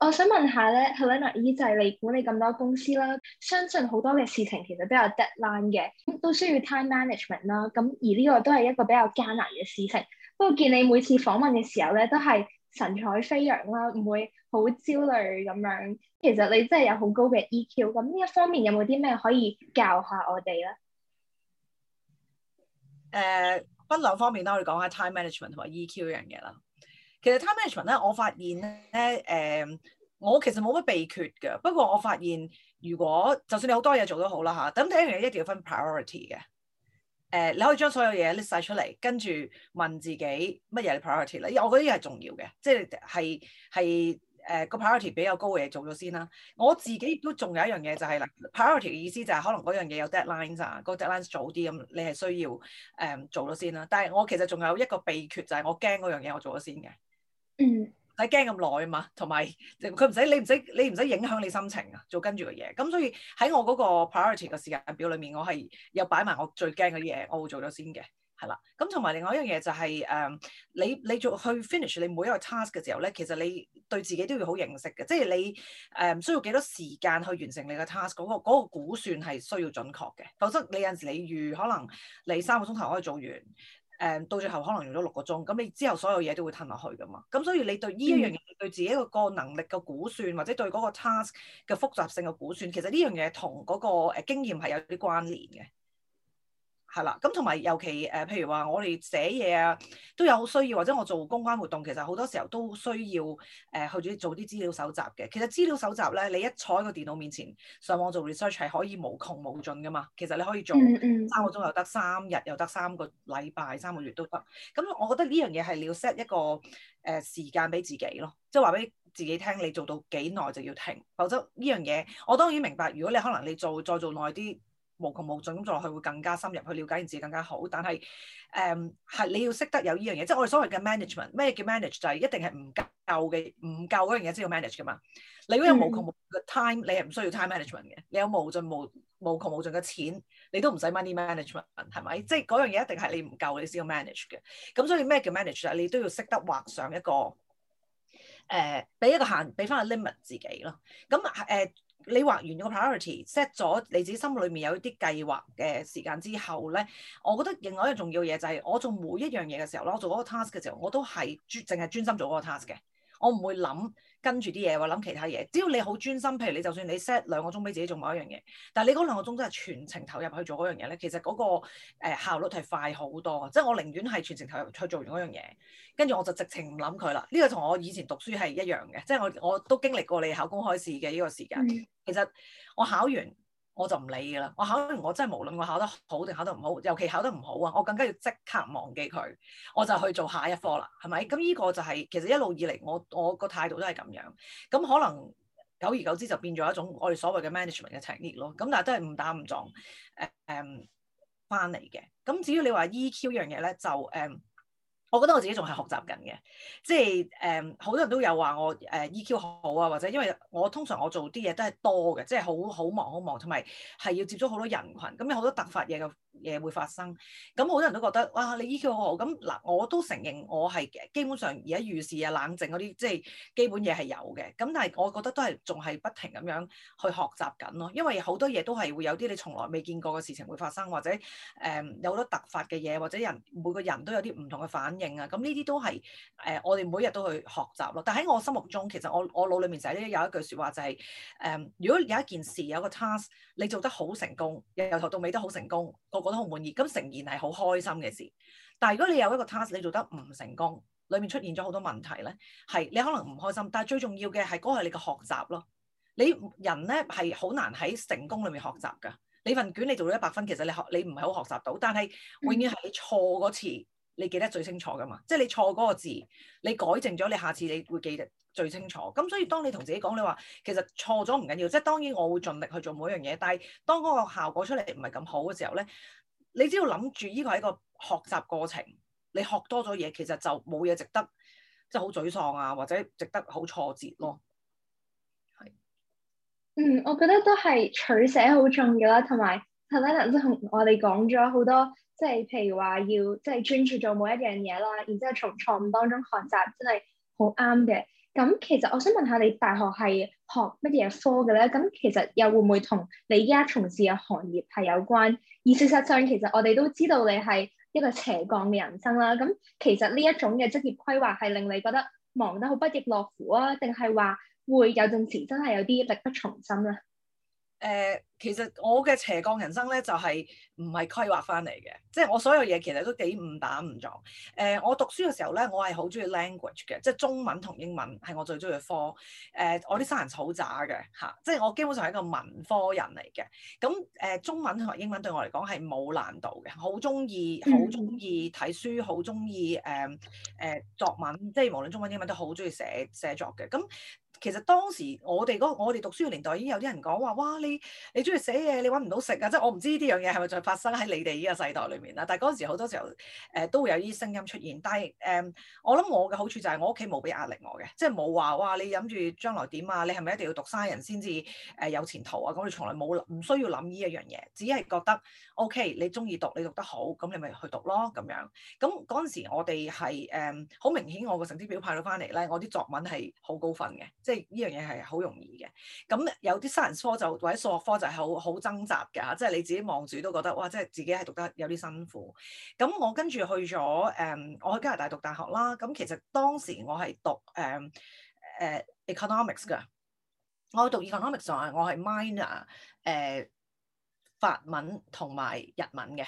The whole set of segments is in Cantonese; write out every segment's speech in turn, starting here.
我想問下咧，Helena 姨，就係你管理咁多公司啦，相信好多嘅事情其實都有 deadline 嘅，都需要 time management 啦。咁而呢個都係一個比較艱難嘅事情。不過見你每次訪問嘅時候咧，都係神采飛揚啦，唔會好焦慮咁樣。其實你真係有好高嘅 EQ，咁呢一方面有冇啲咩可以教下我哋咧？誒分、uh, 兩方面啦，我哋講下 time management 同埋 EQ 嘅嘢啦。其實 time management 咧，我發現咧，誒、呃，我其實冇乜秘訣噶。不過我發現，如果就算你好多嘢做都好啦吓，咁第一樣嘢一定要分 priority 嘅。誒、呃，你可以將所有嘢拎晒出嚟，跟住問自己乜嘢係 priority 咧？我覺得呢個係重要嘅，即係係係誒個 priority 比較高嘅嘢做咗先啦。我自己亦都仲有一樣嘢就係、是、啦，priority 嘅意思就係可能嗰樣嘢有 deadline 啊，個 deadline 早啲咁，你係需要誒、呃、做咗先啦。但係我其實仲有一個秘訣就係、是、我驚嗰樣嘢我做咗先嘅。嗯，你唔使驚咁耐啊嘛，同埋佢唔使你唔使你唔使影響你心情啊，做跟住嘅嘢。咁所以喺我嗰個 priority 嘅時間表裏面，我係有擺埋我最驚嘅嘢，我會做咗先嘅，係啦。咁同埋另外一樣嘢就係、是、誒，你你做去 finish 你每一個 task 嘅時候咧，其實你對自己都要好認識嘅，即、就、係、是、你誒、呃、需要幾多時間去完成你嘅 task，嗰、嗰個、嗰個估算係需要準確嘅，否則你有陣時你預可能你三個鐘頭可以做完。誒到最後可能用咗六個鐘，咁你之後所有嘢都會褪落去㗎嘛，咁所以你對呢一樣嘢對自己個能力嘅估算，或者對嗰個 task 嘅複雜性嘅估算，其實呢樣嘢同嗰個誒經驗係有啲關聯嘅。係啦，咁同埋尤其誒、呃，譬如話我哋寫嘢啊，都有好需要，或者我做公關活動，其實好多時候都需要誒、呃、去做啲資料搜集嘅。其實資料搜集咧，你一坐喺個電腦面前上網做 research 係可以無窮無盡噶嘛。其實你可以做三個鐘又得，三日又得，三個禮拜、三個月都得。咁、嗯嗯、我覺得呢樣嘢係你要 set 一個誒時間俾自己咯，即係話俾自己聽，你做到幾耐就要停，否則呢樣嘢我當然明白。如果你可能你做再做耐啲，無窮無盡咁做落去會更加深入去了解件事更加好，但係誒係你要識得有呢樣嘢，即係我哋所謂嘅 management，咩叫 manage 就係一定係唔夠嘅，唔夠嗰樣嘢先要 manage 噶嘛。你嗰樣無窮無盡嘅 time、嗯、你係唔需要 time management 嘅。你有無窮無無窮無盡嘅錢，你都唔使 money management，係咪？即係嗰樣嘢一定係你唔夠你先要 manage 嘅。咁所以咩叫 manage 啊？你都要識得畫上一個誒，俾、呃、一個限，俾翻個 limit 自己咯。咁誒。呃你劃完個 priority set 咗你自己心裏面有啲計劃嘅時間之後咧，我覺得另外一樣重要嘢就係、是、我做每一樣嘢嘅時候咧，我做嗰個 task 嘅時候，我都係專，淨係專心做嗰個 task 嘅，我唔會諗。跟住啲嘢或諗其他嘢，只要你好專心，譬如你就算你 set 兩個鐘俾自己做某一樣嘢，但係你嗰兩個鐘真係全程投入去做嗰樣嘢咧，其實嗰個效率係快好多，即係我寧願係全程投入去做完嗰樣嘢，跟住我就直情唔諗佢啦。呢、這個同我以前讀書係一樣嘅，即係我我都經歷過你考公開試嘅呢個時間。嗯、其實我考完。我就唔理噶啦，我考完我真係無論我考得好定考得唔好，尤其考得唔好啊，我更加要即刻忘記佢，我就去做下一科啦，係咪？咁呢個就係，其實一路以嚟我我個態度都係咁樣，咁可能久而久之就變咗一種我哋所謂嘅 management 嘅 technique 咯，咁但係都係誤打誤撞誒誒翻嚟嘅。咁至於你話 EQ 樣嘢咧，就誒。嗯我覺得我自己仲係學習緊嘅，即係誒好多人都有話我誒、e、EQ 好啊，或者因為我通常我做啲嘢都係多嘅，即係好好忙好忙，同埋係要接觸好多人群，咁有好多突發嘢嘅嘢會發生，咁好多人都覺得哇你 EQ 好，咁嗱我都承認我係基本上而家遇事啊冷靜嗰啲，即係基本嘢係有嘅，咁但係我覺得都係仲係不停咁樣去學習緊咯，因為好多嘢都係會有啲你從來未見過嘅事情會發生，或者誒、嗯、有好多突發嘅嘢，或者人每個人都有啲唔同嘅反應。啊，咁呢啲都係，誒、呃，我哋每日都去學習咯。但喺我心目中，其實我我腦裏面成日都有一句說話就係、是，誒、呃，如果有一件事有一個 task，你做得好成功，由頭到尾都好成功，個個都好滿意，咁誠然係好開心嘅事。但係如果你有一個 task 你做得唔成功，裏面出現咗好多問題咧，係你可能唔開心。但係最重要嘅係嗰係你嘅學習咯。你人咧係好難喺成功裏面學習噶。你份卷你做到一百分，其實你，你學你唔係好學習到，但係永遠係錯嗰次。嗯你記得最清楚㗎嘛？即係你錯嗰個字，你改正咗，你下次你會記得最清楚。咁所以當你同自己講你話，其實錯咗唔緊要。即係當然我會盡力去做每樣嘢，但係當嗰個效果出嚟唔係咁好嘅時候咧，你只要諗住呢個係一個學習過程。你學多咗嘢，其實就冇嘢值得，即係好沮喪啊，或者值得好挫折咯。係。嗯，我覺得都係取捨好重要啦，同埋。頭先都同我哋講咗好多，即係譬如話要即係專注做每一樣嘢啦，然之後從錯誤當中學習真係好啱嘅。咁其實我想問下你，大學係學乜嘢科嘅咧？咁其實又會唔會同你依家從事嘅行業係有關？而事實上，其實我哋都知道你係一個斜槓嘅人生啦。咁其實呢一種嘅職業規劃係令你覺得忙得好不亦樂乎啊？定係話會有陣時真係有啲力不從心咧？誒、呃，其實我嘅斜桿人生咧，就係唔係規劃翻嚟嘅，即係我所有嘢其實都幾誤打誤撞。誒、呃，我讀書嘅時候咧，我係好中意 language 嘅，即係中文同英文係我最中意嘅科。誒、呃，我啲 science 好渣嘅，嚇、啊，即係我基本上係一個文科人嚟嘅。咁誒、呃，中文同英文對我嚟講係冇難度嘅，好中意，好中意睇書，好中意誒誒作文，即係無論中文英文都好中意寫寫作嘅。咁其實當時我哋、嗰、我哋讀書嘅年代已經有啲人講話，哇！你你中意寫嘢，你搵唔到食啊！即係我唔知呢啲樣嘢係咪就發生喺你哋呢個世代裏面啦。但係嗰陣時好多時候誒、呃、都會有啲聲音出現。但係誒、呃，我諗我嘅好處就係我屋企冇俾壓力我嘅，即係冇話哇！你諗住將來點啊？你係咪一定要讀商人先至誒有前途啊？咁你從來冇諗，唔需要諗呢一樣嘢，只係覺得 OK，你中意讀，你讀得好，咁你咪去讀咯咁樣。咁嗰陣時我哋係誒好明顯，我個成績表派到翻嚟咧，我啲作文係好高分嘅。即係呢樣嘢係好容易嘅，咁有啲 science 科就或者數學科就係好好掙扎㗎，即係你自己望住都覺得哇，即係自己係讀得有啲辛苦。咁我跟住去咗誒、嗯，我去加拿大讀大學啦。咁、嗯、其實當時我係讀誒誒、嗯啊、economics 㗎，我讀 economics 就係我係 minor 誒、嗯、法文同埋日文嘅。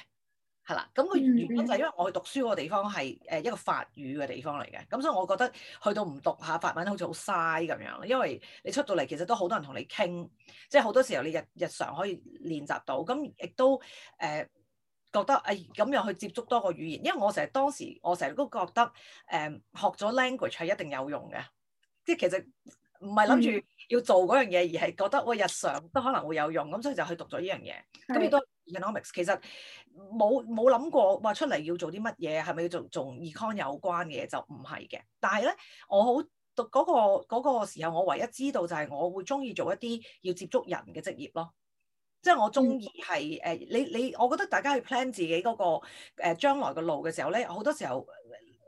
係啦，咁個原本就係因為我去讀書個地方係誒一個法語嘅地方嚟嘅，咁所以我覺得去到唔讀下法文好似好嘥咁樣。因為你出到嚟其實都好多人同你傾，即係好多時候你日日常可以練習到，咁亦都誒覺得誒咁樣去接觸多個語言。因為我成日當時我成日都覺得誒學咗 language 係一定有用嘅，即係其實唔係諗住要做嗰樣嘢，而係覺得喂日常都可能會有用，咁所以就去讀咗呢樣嘢，咁亦都。Economics 其實冇冇諗過話出嚟要做啲乜嘢，係咪要做同 econ 有關嘅嘢？就唔係嘅。但係咧，我好嗰個嗰個時候，我唯一知道就係我會中意做一啲要接觸人嘅職業咯。即係我中意係誒，你你我覺得大家去 plan 自己嗰個誒將來嘅路嘅時候咧，好多時候。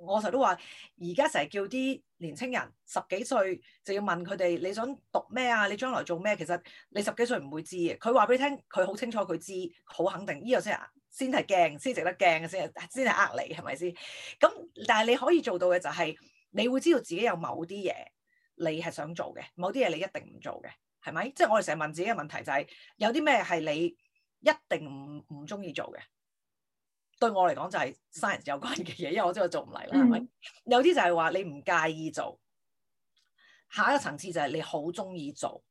我成日都話，而家成日叫啲年青人十幾歲就要問佢哋你想讀咩啊？你將來做咩？其實你十幾歲唔會知嘅。佢話俾你聽，佢好清楚，佢知，好肯定。呢個先先係驚，先值得驚嘅先，先係呃你係咪先？咁但係你可以做到嘅就係、是，你會知道自己有某啲嘢你係想做嘅，某啲嘢你一定唔做嘅，係咪？即係我哋成日問自己嘅問題就係、是，有啲咩係你一定唔唔中意做嘅？對我嚟講就係 science 有關嘅嘢，因為我知道做唔嚟啦，係咪？Mm hmm. 有啲就係話你唔介意做，下一個層次就係你好中意做，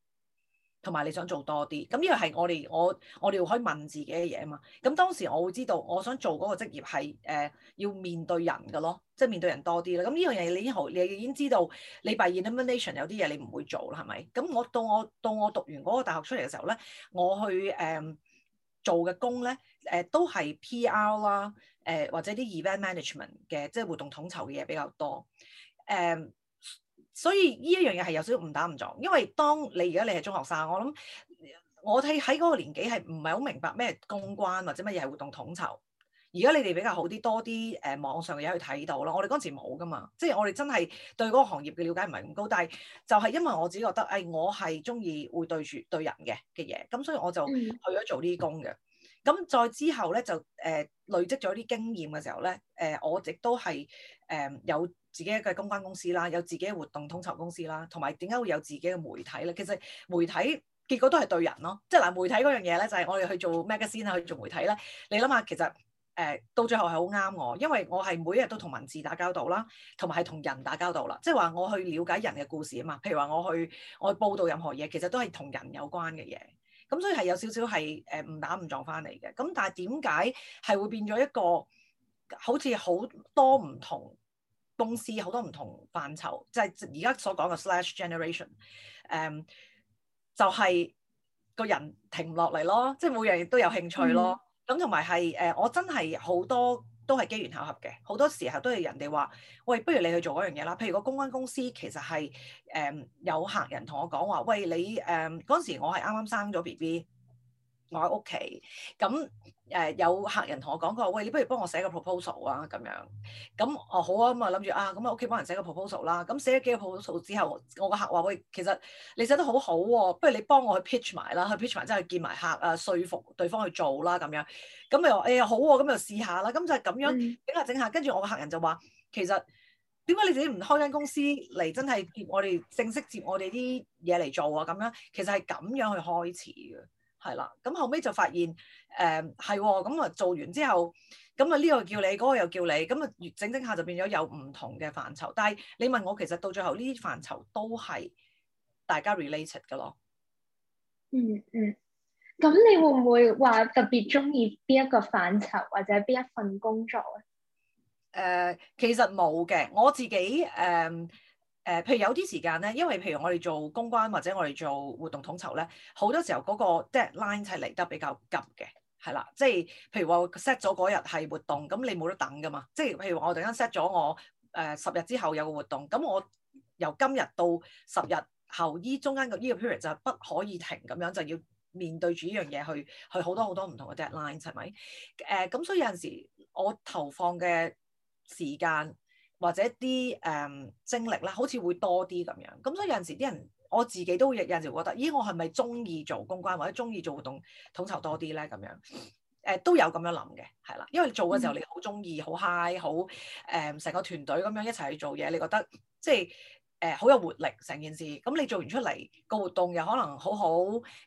同埋你想做多啲。咁呢個係我哋我我哋可以問自己嘅嘢啊嘛。咁當時我會知道我想做嗰個職業係、呃、要面對人嘅咯，即係面對人多啲啦。咁呢樣嘢你已經好，你已經知道你 by elimination 有啲嘢你唔會做啦，係咪？咁我到我到我讀完嗰個大學出嚟嘅時候咧，我去誒、呃做嘅工咧，誒、呃、都係 PR 啦，誒、呃、或者啲 event management 嘅，即係活動統籌嘅嘢比較多，誒、呃、所以呢一樣嘢係有少少誤打誤撞，因為當你而家你係中學生，我諗我喺喺嗰個年紀係唔係好明白咩公關或者乜嘢係活動統籌。而家你哋比較好啲，多啲誒網上嘅嘢去睇到咯。我哋嗰陣時冇㗎嘛，即係我哋真係對嗰個行業嘅了解唔係咁高，但係就係因為我自己覺得，誒、哎、我係鍾意會對住對人嘅嘅嘢，咁所以我就去咗做呢啲工嘅。咁再之後咧，就誒、呃、累積咗啲經驗嘅時候咧，誒、呃、我亦都係誒、呃、有自己一個公關公司啦，有自己嘅活動統籌公司啦，同埋點解會有自己嘅媒體咧？其實媒體結果都係對人咯，即係嗱、呃、媒體嗰樣嘢咧，就係我哋去做 magazine 啊，去做媒體咧，你諗下其實。誒到最後係好啱我，因為我係每日都同文字打交道啦，同埋係同人打交道啦。即係話我去了解人嘅故事啊嘛。譬如話我去我去報道任何嘢，其實都係同人有關嘅嘢。咁所以係有少少係誒誤打誤撞翻嚟嘅。咁但係點解係會變咗一個好似好多唔同公司、好多唔同範疇，即係而家所講嘅 slash generation 誒、嗯，就係、是、個人停落嚟咯。即係每樣嘢都有興趣咯。嗯咁同埋係誒，我真係好多都係機緣巧合嘅，好多時候都係人哋話，喂，不如你去做嗰樣嘢啦。譬如個公關公司其實係誒、呃、有客人同我講話，喂，你誒嗰陣時我係啱啱生咗 BB。我喺屋企，咁誒、呃、有客人同我講，佢話喂，你不如幫我寫個 proposal 啊咁樣。咁、啊、我好啊，咁啊諗住啊，咁啊屋企幫人寫個 proposal 啦。咁寫咗幾個 proposal 之後，我個客話喂，其實你寫得好好、啊、喎，不如你幫我去 pitch 埋啦，去 pitch 埋即係見埋客啊，說服對方去做啦咁樣。咁又哎呀好喎、啊，咁又試下啦。咁就係咁樣整下整下，跟住我個客人就話，其實點解你自己唔開間公司嚟真係接我哋正式接我哋啲嘢嚟做啊？咁樣其實係咁樣去開始嘅。係啦，咁後尾就發現，誒係咁啊，做完之後，咁啊呢個叫你，嗰、那個又叫你，咁啊，整整下就變咗有唔同嘅範疇。但係你問我，其實到最後呢啲範疇都係大家 related 嘅咯、嗯。嗯嗯，咁你會唔會話特別鍾意邊一個範疇或者邊一份工作咧？誒、呃，其實冇嘅，我自己誒。呃誒、呃，譬如有啲時間咧，因為譬如我哋做公關或者我哋做活動統籌咧，好多時候嗰個 deadline 係嚟得比較急嘅，係啦，即係譬如話 set 咗嗰日係活動，咁你冇得等㗎嘛，即係譬如話我突然間 set 咗我誒十、呃、日之後有個活動，咁我由今日到十日後呢中間個呢個 period 就係不可以停，咁樣就要面對住呢樣嘢去去好多好多唔同嘅 deadline 係咪？誒、呃，咁所以有陣時我投放嘅時間。或者啲誒、嗯、精力咧，好似會多啲咁樣。咁、嗯、所以有陣時啲人，我自己都亦有陣時覺得，咦，我係咪中意做公關或者中意做活動統籌多啲咧？咁樣誒、呃、都有咁樣諗嘅，係啦。因為做嘅時候你好中意，好嗨，好誒成個團隊咁樣一齊去做嘢，你覺得即係。誒、呃、好有活力，成件事咁、嗯、你做完出嚟個活動又可能好好，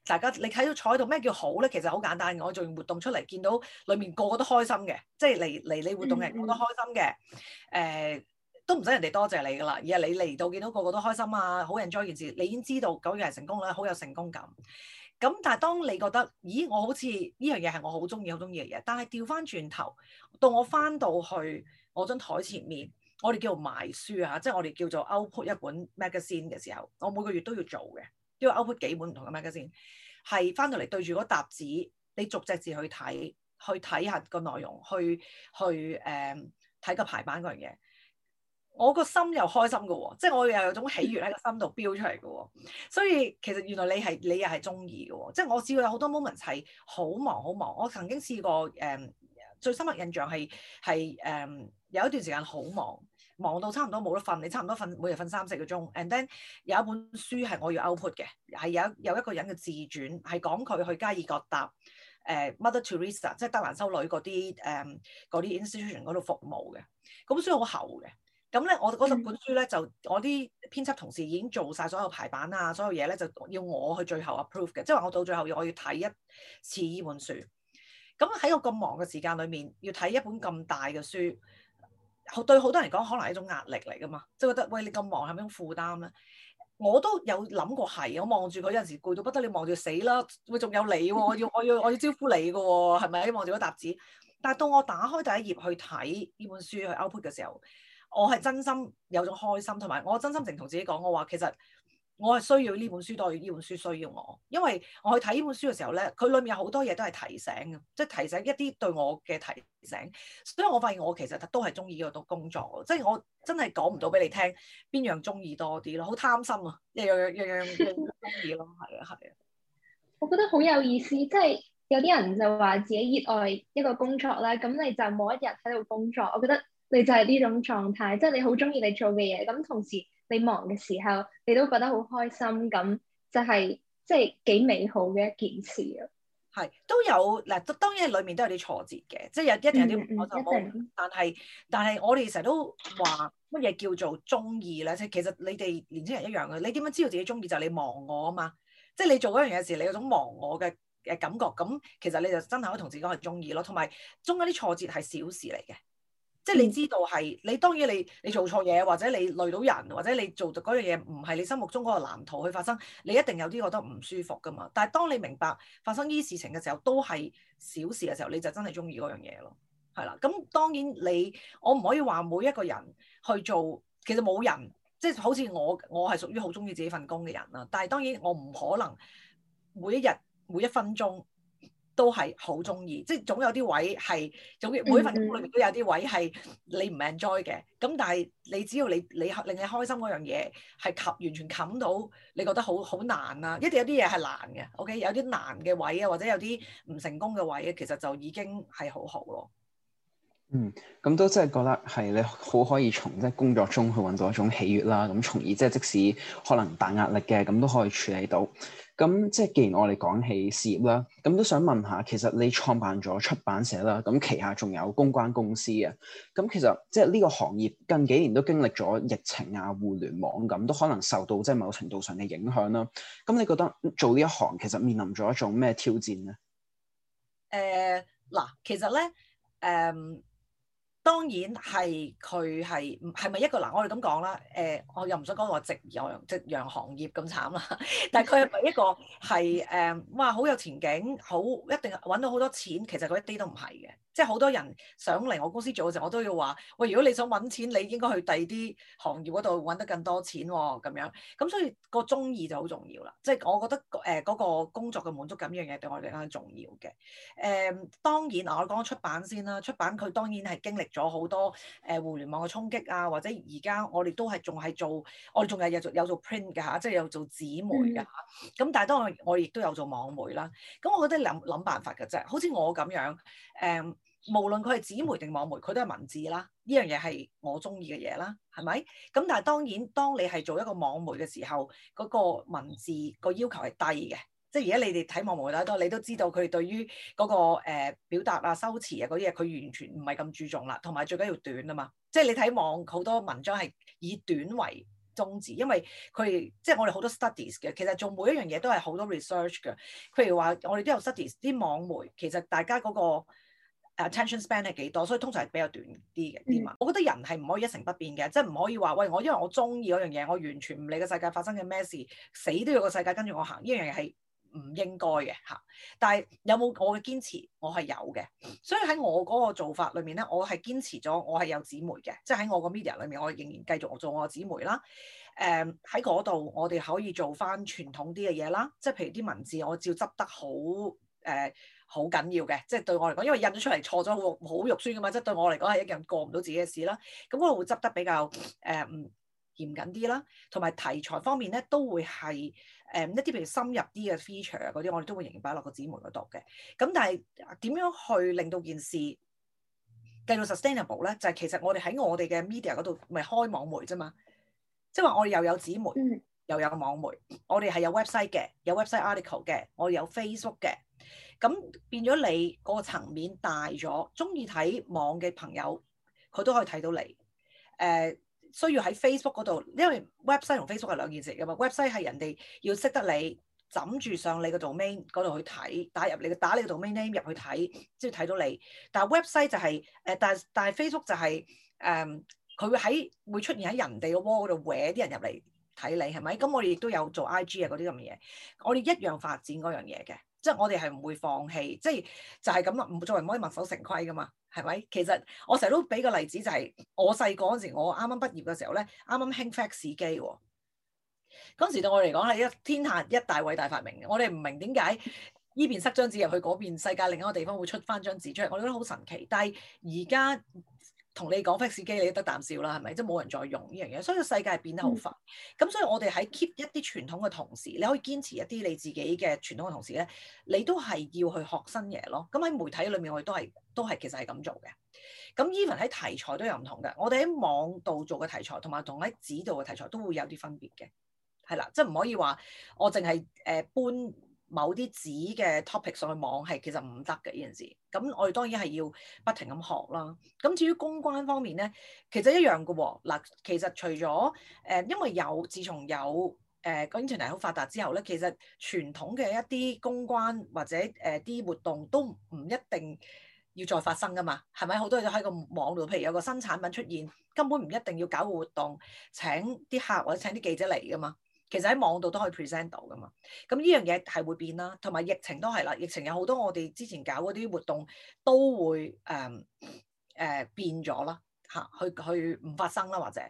大家你睇到坐喺度咩叫好咧？其實好簡單嘅，我做完活動出嚟見到裡面個個都開心嘅，即係嚟嚟你活動嘅人個個都開心嘅，誒、呃、都唔使人哋多謝你噶啦，而係你嚟到見到個個都開心啊，好 enjoy 一件事，你已經知道嗰樣係成功啦，好有成功感。咁但係當你覺得，咦我好似呢樣嘢係我好中意、好中意嘅嘢，但係調翻轉頭，到我翻到去我張枱前面。我哋叫做賣書嚇、啊，即係我哋叫做 output 一本 magazine 嘅時候，我每個月都要做嘅，要 output 幾本唔同嘅 magazine，係翻到嚟對住嗰沓紙，你逐隻字去睇，去睇下個內容，去去誒睇、嗯、個排版嗰樣嘢。我個心又開心嘅喎、哦，即係我又有種喜悅喺個心度飆出嚟嘅喎。所以其實原來你係你又係中意嘅喎，即係我試過有好多 moment 係好忙好忙。我曾經試過誒、嗯，最深刻印象係係誒。有一段時間好忙，忙到差唔多冇得瞓。你差唔多瞓每日瞓三四個鐘，and then 有一本書係我要 output 嘅，係有有一個人嘅自傳，係講佢去加爾各答誒、uh, mother Teresa，即係德蘭修女嗰啲誒啲、um, institution 嗰度服務嘅。咁本書好厚嘅，咁咧我嗰本書咧就我啲編輯同事已經做晒所有排版啊，所有嘢咧就要我去最後 approve 嘅，即係話我到最後要我要睇一次呢本書。咁喺我咁忙嘅時間裏面，要睇一本咁大嘅書。對好多人嚟講，可能係一種壓力嚟㗎嘛，即係覺得喂，你咁忙係咪種負擔咧？我都有諗過係，我望住佢有陣時攰到不得了，望住死啦，會仲有你喎，我要我要我要招呼你嘅喎，係咪？望住嗰沓子。但係到我打開第一頁去睇呢本書去 output 嘅時候，我係真心有種開心，同埋我真心淨同自己講，我話其實。我係需要呢本書多，呢本書需要我，因為我去睇呢本書嘅時候咧，佢裡面有好多嘢都係提醒嘅，即係提醒一啲對我嘅提醒。所以我發現我其實都係中意呢個讀工作，即係我真係講唔到俾你聽邊樣中意多啲咯，好貪心啊，樣樣樣樣中意咯，係啊係啊。我覺得好有意思，即係有啲人就話自己熱愛一個工作咧，咁你就冇一日喺度工作，我覺得你就係呢種狀態，即係你好中意你做嘅嘢，咁同時。你忙嘅時候，你都覺得好開心，咁就係即係幾美好嘅一件事啊！係都有嗱，當然裏面都有啲挫折嘅，即係有一定有啲我就冇。但係但係我哋成日都話乜嘢叫做中意咧？即係其實你哋年輕人一樣嘅，你點樣知道自己中意就係、是、你忙我啊嘛！即係你做嗰樣嘢時，你有種忙我嘅誒感覺，咁其實你就真係可以同自己講係中意咯。同埋中間啲挫折係小事嚟嘅。即係你知道係，你當然你你做錯嘢，或者你累到人，或者你做嗰樣嘢唔係你心目中嗰個藍圖去發生，你一定有啲覺得唔舒服噶嘛。但係當你明白發生呢啲事情嘅時候，都係小事嘅時候，你就真係中意嗰樣嘢咯，係啦。咁當然你我唔可以話每一個人去做，其實冇人即係、就是、好似我，我係屬於好中意自己份工嘅人啦。但係當然我唔可能每一日每一分鐘。都係好中意，即係總有啲位係，總有每一份工裏面都有啲位係你唔 enjoy 嘅，咁但係你只要你你，你令你開心嗰樣嘢係及完全冚到，你覺得好好難啊！一定有啲嘢係難嘅，OK，有啲難嘅位啊，或者有啲唔成功嘅位啊，其實就已經係好好咯。嗯，咁都真係覺得係你好可以從即係工作中去搵到一種喜悅啦，咁從而即係即使可能大壓力嘅，咁都可以處理到。咁即係既然我哋講起事業啦，咁都想問下，其實你創辦咗出版社啦，咁旗下仲有公關公司啊，咁其實即係呢個行業近幾年都經歷咗疫情啊，互聯網咁都可能受到即係某程度上嘅影響啦。咁你覺得做呢一行其實面臨咗一種咩挑戰咧？誒，嗱，其實咧，誒、呃。.當然係，佢係係咪一個嗱、啊？我哋咁講啦，誒、呃，我又唔想講話夕陽夕陽行業咁慘啦，但係佢係咪一個係誒、呃，哇，好有前景，好一定搵到好多錢。其實佢一啲都唔係嘅。即係好多人想嚟我公司做嘅時候，我都要話：喂，如果你想揾錢，你應該去第二啲行業嗰度揾得更多錢喎、哦。咁樣咁，所以個鍾意就好重要啦。即係我覺得誒嗰個工作嘅滿足感呢樣嘢對我嚟講係重要嘅。誒、嗯、當然我講出版先啦，出版佢當然係經歷咗好多誒、呃、互聯網嘅衝擊啊，或者而家我哋都係仲係做，我哋仲係有做 print 㗎吓，即係有做紙媒㗎吓。咁、嗯、但係當我我亦都有做網媒啦。咁我覺得諗諗辦法嘅啫，好似我咁樣誒。嗯無論佢係紙媒定網媒，佢都係文字啦。呢樣嘢係我中意嘅嘢啦，係咪？咁但係當然，當你係做一個網媒嘅時候，嗰個文字個要求係低嘅。即係而家你哋睇網媒得多，你都知道佢對於嗰個誒表達啊、修辭啊嗰啲嘢，佢完全唔係咁注重啦。同埋最緊要短啊嘛。即係你睇網好多文章係以短為宗旨，因為佢即係我哋好多 studies 嘅，其實做每一樣嘢都係好多 research 嘅。譬如話，我哋都有 studies 啲網媒，其實大家嗰個 Attention span 係幾多，所以通常係比較短啲嘅。嗯、我覺得人係唔可以一成不變嘅，即係唔可以話喂我，因為我中意嗰樣嘢，我完全唔理個世界發生嘅咩事，死都要個世界跟住我行，呢樣嘢係唔應該嘅嚇。但係有冇我嘅堅持，我係有嘅。所以喺我嗰個做法裏面咧，我係堅持咗，就是、我係有紙媒嘅，即係喺我個 media 裏面，我仍然繼續做我紙媒啦。誒喺嗰度，我哋可以做翻傳統啲嘅嘢啦，即係譬如啲文字，我照執得好誒。呃好緊要嘅，即係對我嚟講，因為印咗出嚟錯咗好肉酸㗎嘛，即係對我嚟講係一樣過唔到自己嘅事啦。咁我會執得比較誒唔、呃、嚴謹啲啦，同埋題材方面咧都會係誒、呃、一啲譬如深入啲嘅 feature 嗰啲，我哋都會仍然擺落個紙媒嗰度嘅。咁但係點樣去令到件事繼續 sustainable 咧？就係、是、其實我哋喺我哋嘅 media 嗰度，咪開網媒啫嘛。即係話我哋又有紙媒，又有網媒，我哋係有 website 嘅，有 website article 嘅，我哋有 Facebook 嘅。咁變咗你嗰個層面大咗，中意睇網嘅朋友，佢都可以睇到你。誒、呃，需要喺 Facebook 嗰度，因為 website 同 Facebook 係兩件事噶嘛。Website 係人哋要識得你，枕住上你個 domain 嗰度去睇，打入你嘅打你個 domain name 入去睇，先睇到你。但係 website 就係、是、誒、呃，但係但係 Facebook 就係、是、誒，佢、呃、會喺會出現喺人哋嘅 wall 嗰度搲啲人入嚟睇你，係咪？咁我哋亦都有做 IG 啊嗰啲咁嘅嘢，我哋一樣發展嗰樣嘢嘅。即係我哋係唔會放棄，即係就係咁啊！唔作為唔可以墨守成規噶嘛，係咪？其實我成日都俾個例子，就係我細個嗰時，我啱啱畢業嘅時候咧，啱啱興 fax 機喎。哦，嗰時對我嚟講係一天下一大偉大發明，我哋唔明點解呢邊塞張紙入去嗰邊世界另一個地方會出翻張紙出嚟，我哋覺得好神奇。但係而家，同你講 fax 機你都得啖笑啦，係咪？即係冇人再用呢樣嘢，所以世界係變得好快。咁 所以我哋喺 keep 一啲傳統嘅同時，你可以堅持一啲你自己嘅傳統嘅同時咧，你都係要去學新嘢咯。咁喺媒體裏面我，我哋都係都係其實係咁做嘅。咁 even 喺題材都有唔同嘅，我哋喺網度做嘅題材，同埋同喺紙度嘅題材都會有啲分別嘅。係啦，即係唔可以話我淨係誒搬。某啲紙嘅 topic 上去網係其實唔得嘅呢件事，咁我哋當然係要不停咁學啦。咁至於公關方面咧，其實一樣嘅喎。嗱，其實除咗誒、呃，因為有自從有誒個 internet 好發達之後咧，其實傳統嘅一啲公關或者誒啲活動都唔一定要再發生噶嘛。係咪好多嘢都喺個網度？譬如有個新產品出現，根本唔一定要搞個活動，請啲客或者請啲記者嚟噶嘛。其實喺網度都可以 present 到噶嘛，咁呢樣嘢係會變啦，同埋疫情都係啦，疫情有好多我哋之前搞嗰啲活動都會誒誒、呃呃、變咗啦，嚇、啊、去去唔發生啦或者，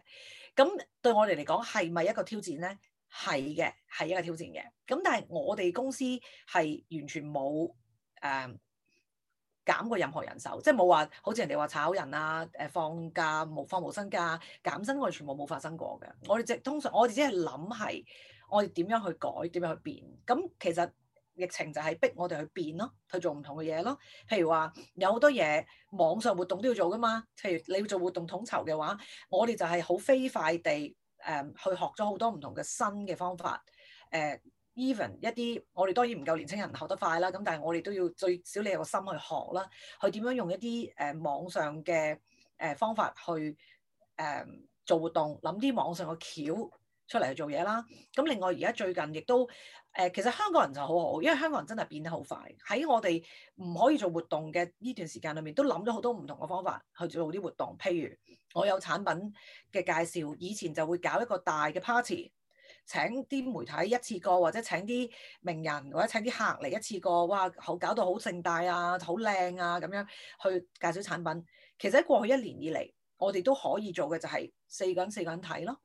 咁對我哋嚟講係咪一個挑戰咧？係嘅，係一個挑戰嘅，咁但係我哋公司係完全冇誒。呃減過任何人手，即係冇話好似人哋話炒人啊，誒、放假冇放無薪假，減薪我哋全部冇發生過嘅。我哋即係通常我哋只係諗係我哋點樣去改，點樣去變。咁其實疫情就係逼我哋去變咯，去做唔同嘅嘢咯。譬如話有好多嘢網上活動都要做㗎嘛。譬如你要做活動統籌嘅話，我哋就係好飛快地誒、呃、去學咗好多唔同嘅新嘅方法誒。呃 Even 一啲我哋當然唔夠年輕人學得快啦，咁但係我哋都要最少你有個心去學啦，去點樣用一啲誒、呃、網上嘅誒、呃、方法去誒、呃、做活動，諗啲網上嘅橋出嚟做嘢啦。咁另外而家最近亦都誒、呃，其實香港人就好好，因為香港人真係變得好快。喺我哋唔可以做活動嘅呢段時間裏面，都諗咗好多唔同嘅方法去做啲活動。譬如我有產品嘅介紹，以前就會搞一個大嘅 party。請啲媒體一次過，或者請啲名人，或者請啲客嚟一次過，哇！好搞到好盛大啊，好靚啊咁樣去介紹產品。其實喺過去一年以嚟，我哋都可以做嘅就係四個人四個人睇咯。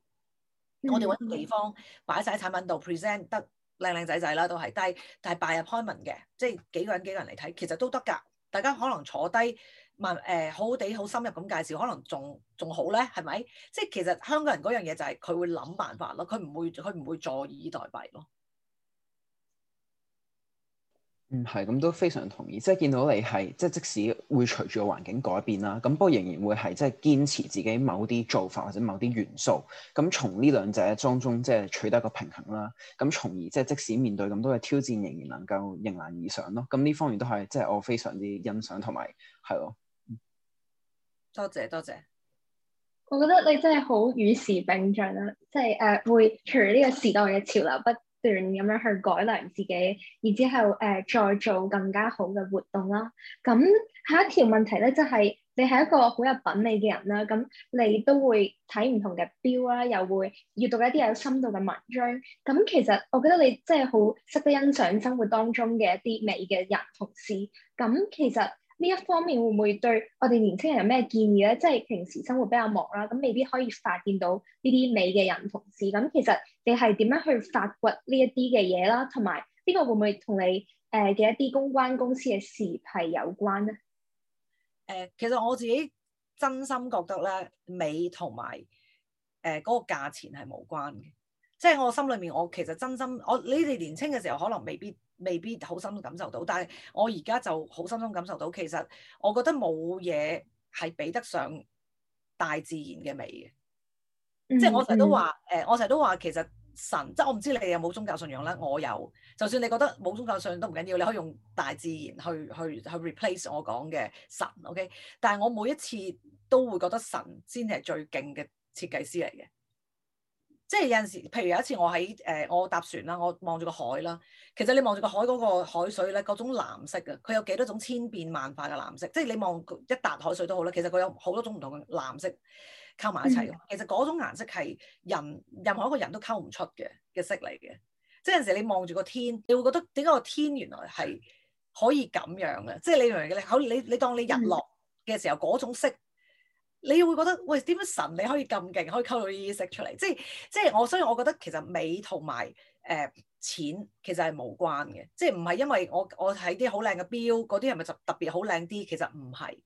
我哋揾地方擺晒產品度 present 得靚靚仔仔啦，都係。但係但係 by appointment 嘅，即係幾個人幾個人嚟睇，其實都得㗎。大家可能坐低。問誒、呃、好好地好深入咁介紹，可能仲仲好咧，係咪？即係其實香港人嗰樣嘢就係佢會諗辦法咯，佢唔會佢唔會坐以待斃咯。嗯，係，咁都非常同意，即係見到你係即係即使會隨住個環境改變啦，咁不過仍然會係即係堅持自己某啲做法或者某啲元素，咁從呢兩者當中即係取得個平衡啦，咁從而即係即使面對咁多嘅挑戰，仍然能夠迎難而上咯。咁呢方面都係即係我非常之欣賞同埋係咯。多謝多謝，多謝我覺得你真係好與時並進啦，即係誒會隨住呢個時代嘅潮流不斷咁樣去改良自己，然之後誒、呃、再做更加好嘅活動啦。咁下一條問題咧，就係、是、你係一個好有品味嘅人啦。咁你都會睇唔同嘅錶啦，又會閱讀一啲有深度嘅文章。咁其實我覺得你真係好識得欣賞生活當中嘅一啲美嘅人同事。咁其實。呢一方面會唔會對我哋年輕人有咩建議咧？即係平時生活比較忙啦，咁未必可以發現到呢啲美嘅人同事。咁其實你係點樣去發掘呢一啲嘅嘢啦？同埋呢個會唔會同你誒嘅一啲公關公司嘅事係有關咧？誒、呃，其實我自己真心覺得咧，美同埋誒嗰個價錢係無關嘅。即係我心裏面，我其實真心，我你哋年輕嘅時候可能未必未必好深感受到，但係我而家就好深深感受到，其實我覺得冇嘢係比得上大自然嘅美嘅。嗯、即係我成日都話誒，嗯、我成日都話其實神，即係我唔知你哋有冇宗教信仰啦，我有。就算你覺得冇宗教信仰都唔緊要，你可以用大自然去去去 replace 我講嘅神。OK，但係我每一次都會覺得神先係最勁嘅設計師嚟嘅。即係有陣時，譬如有一次我喺誒、呃、我搭船啦，我望住個海啦。其實你望住個海嗰個海水咧，各種藍色嘅，佢有幾多種千變萬化嘅藍色。即係你望一笪海水都好啦，其實佢有好多種唔同嘅藍色溝埋一齊。嗯、其實嗰種顏色係人任何一個人都溝唔出嘅嘅色嚟嘅。即係有陣時你望住個天，你會覺得點解個天原來係可以咁樣嘅？即係你原來你你你當你日落嘅時候嗰、嗯、種色。你會覺得喂，點解，神你可以咁勁，可以溝到啲意識出嚟？即係即係我，所以我覺得其實美同埋誒錢其實係冇關嘅，即係唔係因為我我睇啲好靚嘅表嗰啲係咪就特別好靚啲？其實唔係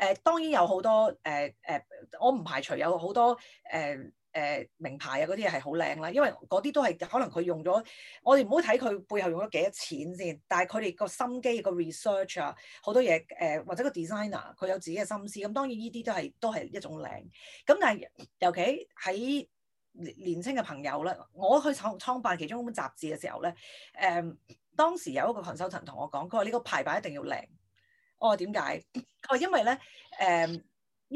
誒，當然有好多誒誒、呃，我唔排除有好多誒。呃誒，名牌啊，嗰啲嘢係好靚啦，因為嗰啲都係可能佢用咗，我哋唔好睇佢背後用咗幾多錢先，但係佢哋個心機個 research 啊，好多嘢誒、呃，或者個 designer 佢有自己嘅心思，咁、嗯、當然呢啲都係都係一種靚。咁但係尤其喺年年青嘅朋友咧，我去創創辦其中一本雜誌嘅時候咧，誒、呃，當時有一個群秀曾同我講，佢話呢個排版一定要靚。我話點解？佢話因為咧，誒、呃、呢、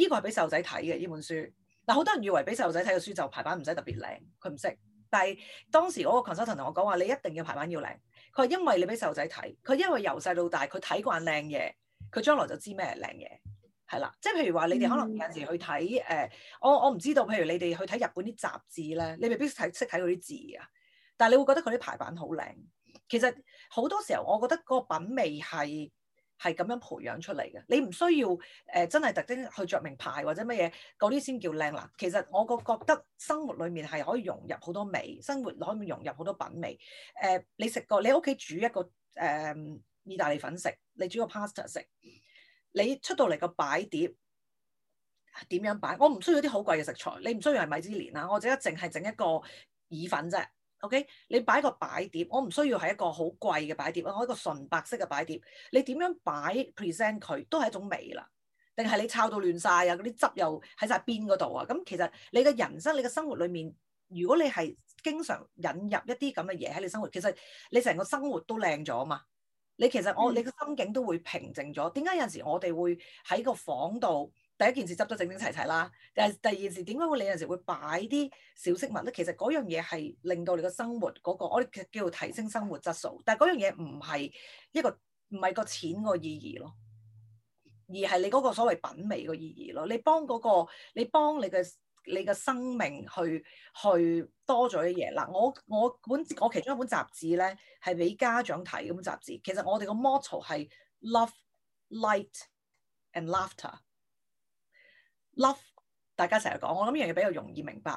這個係俾細路仔睇嘅呢本書。嗱，好多人以為俾細路仔睇嘅書就排版唔使特別靚，佢唔識。但係當時嗰個 consultant 同我講話，你一定要排版要靚。佢話因為你俾細路仔睇，佢因為由細到大佢睇慣靚嘢，佢將來就知咩係靚嘢，係啦。即係譬如話你哋可能有陣時去睇誒、嗯呃，我我唔知道，譬如你哋去睇日本啲雜誌咧，你未必睇識睇嗰啲字啊，但係你會覺得佢啲排版好靚。其實好多時候，我覺得嗰個品味係，係咁樣培養出嚟嘅，你唔需要誒、呃、真係特登去着名牌或者乜嘢嗰啲先叫靚啦。其實我個覺得生活裡面係可以融入好多味，生活裡面可以融入好多品味。誒、呃，你食過你屋企煮一個誒、呃、意大利粉食，你煮個 pasta 食，你出到嚟個擺碟點樣擺？我唔需要啲好貴嘅食材，你唔需要係米芝蓮啊，我只係淨係整一個意粉啫。OK，你擺個擺碟，我唔需要係一個好貴嘅擺碟，我一個純白色嘅擺碟。你點樣擺 present 佢都係一種美啦。定係你抄到亂晒啊，嗰啲汁又喺晒邊嗰度啊。咁其實你嘅人生、你嘅生活裏面，如果你係經常引入一啲咁嘅嘢喺你生活，其實你成個生活都靚咗啊嘛。你其實我、嗯、你嘅心境都會平靜咗。點解有陣時我哋會喺個房度？第一件事執得整整齊齊啦，但係第二件事點解會你有陣時會擺啲小飾物咧？其實嗰樣嘢係令到你嘅生活嗰個，我哋叫做提升生活質素。但係嗰樣嘢唔係一個唔係個錢個意義咯，而係你嗰個所謂品味個意義咯。你幫嗰個，你幫你嘅你嘅生命去去多咗嘅嘢嗱，我我本我其中一本雜誌咧係俾家長睇咁一本雜誌。其實我哋個 motto 係 love, light and laughter。Love 大家成日講，我諗呢樣嘢比較容易明白。